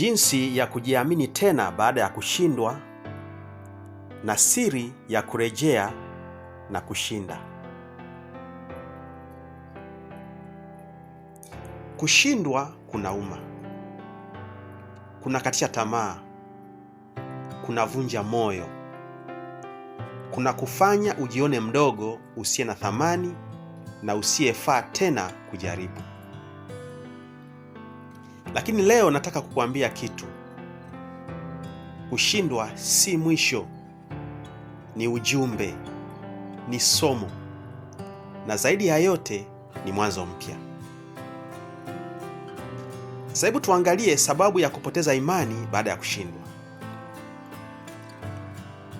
jinsi ya kujiamini tena baada ya kushindwa, na siri ya kurejea na kushinda. Kushindwa kunauma, kunakatisha tamaa, kunavunja moyo, kuna kufanya ujione mdogo, usiye na thamani na usiyefaa tena kujaribu. Lakini leo nataka kukuambia kitu, kushindwa si mwisho, ni ujumbe, ni somo, na zaidi ya yote ni mwanzo mpya. Sasa hebu tuangalie sababu ya kupoteza imani baada ya kushindwa.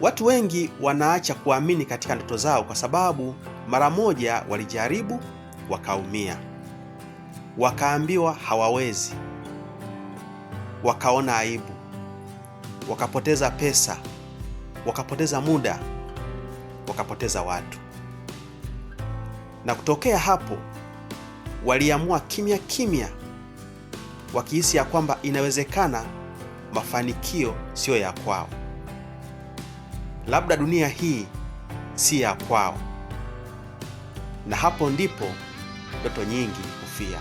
Watu wengi wanaacha kuamini katika ndoto zao kwa sababu mara moja walijaribu, wakaumia, wakaambiwa hawawezi wakaona aibu, wakapoteza pesa, wakapoteza muda, wakapoteza watu. Na kutokea hapo waliamua kimya kimya, wakihisi ya kwamba inawezekana mafanikio siyo ya kwao, labda dunia hii si ya kwao, na hapo ndipo ndoto nyingi hufia.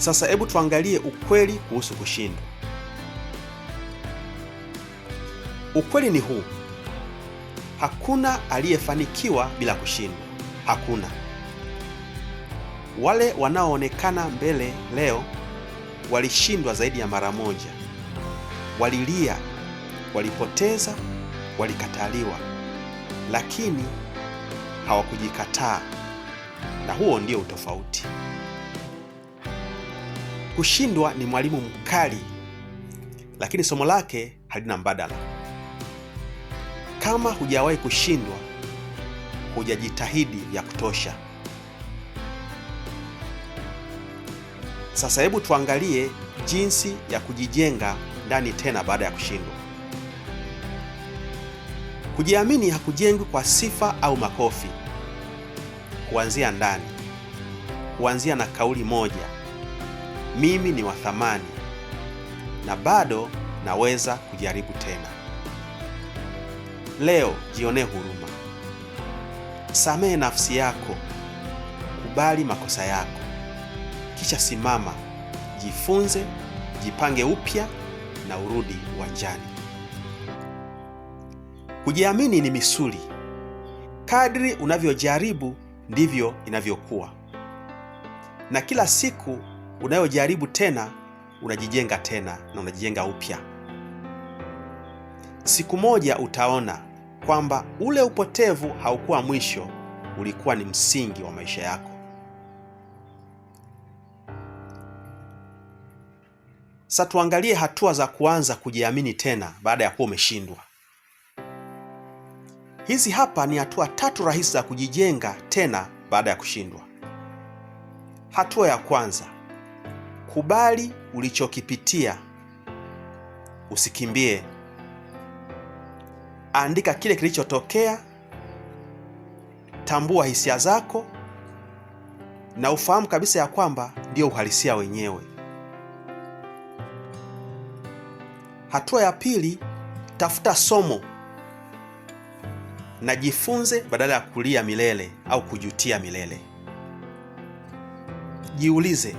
Sasa hebu tuangalie ukweli kuhusu kushindwa. Ukweli ni huu: hakuna aliyefanikiwa bila kushindwa, hakuna. Wale wanaoonekana mbele leo walishindwa zaidi ya mara moja, walilia, walipoteza, walikataliwa, lakini hawakujikataa, na huo ndio utofauti. Kushindwa ni mwalimu mkali, lakini somo lake halina mbadala. Kama hujawahi kushindwa, hujajitahidi vya kutosha. Sasa hebu tuangalie jinsi ya kujijenga ndani tena baada ya kushindwa. Kujiamini hakujengwi kwa sifa au makofi, kuanzia ndani, kuanzia na kauli moja mimi ni wa thamani na bado naweza kujaribu tena. Leo jionee huruma, samehe nafsi yako, kubali makosa yako, kisha simama, jifunze, jipange upya na urudi uwanjani. Kujiamini ni misuli, kadri unavyojaribu ndivyo inavyokuwa, na kila siku unayojaribu tena, unajijenga tena na unajijenga upya. Siku moja utaona kwamba ule upotevu haukuwa mwisho, ulikuwa ni msingi wa maisha yako. sa tuangalie hatua za kuanza kujiamini tena baada ya kuwa umeshindwa. Hizi hapa ni hatua tatu rahisi za kujijenga tena baada ya kushindwa. Hatua ya kwanza kubali ulichokipitia, usikimbie. Andika kile kilichotokea, tambua hisia zako na ufahamu kabisa ya kwamba ndiyo uhalisia wenyewe. Hatua ya pili, tafuta somo na jifunze badala ya kulia milele au kujutia milele. Jiulize,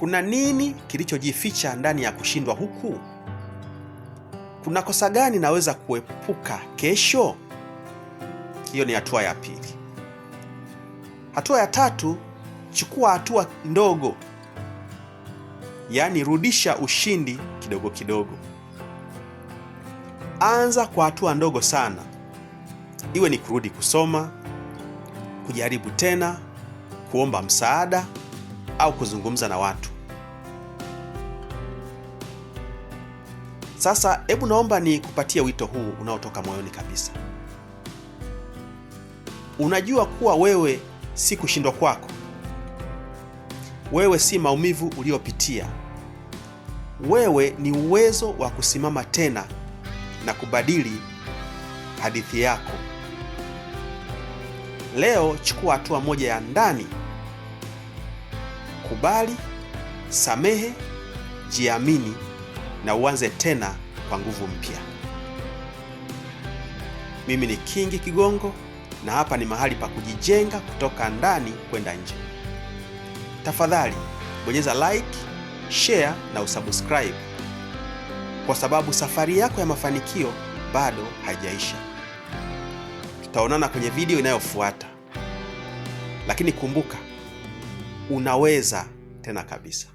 kuna nini kilichojificha ndani ya kushindwa huku? Kuna kosa gani naweza kuepuka kesho? Hiyo ni hatua ya pili. Hatua ya tatu, chukua hatua ndogo, yaani rudisha ushindi kidogo kidogo. Anza kwa hatua ndogo sana, iwe ni kurudi kusoma, kujaribu tena, kuomba msaada au kuzungumza na watu. Sasa hebu naomba ni kupatie wito huu unaotoka moyoni kabisa. Unajua kuwa wewe si kushindwa kwako, wewe si maumivu uliyopitia, wewe ni uwezo wa kusimama tena na kubadili hadithi yako. Leo chukua hatua moja ya ndani kubali, samehe, jiamini na uanze tena kwa nguvu mpya. Mimi ni Kingi Kigongo na hapa ni mahali pa kujijenga kutoka ndani kwenda nje. Tafadhali bonyeza like, share na usubscribe, kwa sababu safari yako ya mafanikio bado haijaisha. Tutaonana kwenye video inayofuata, lakini kumbuka unaweza tena kabisa.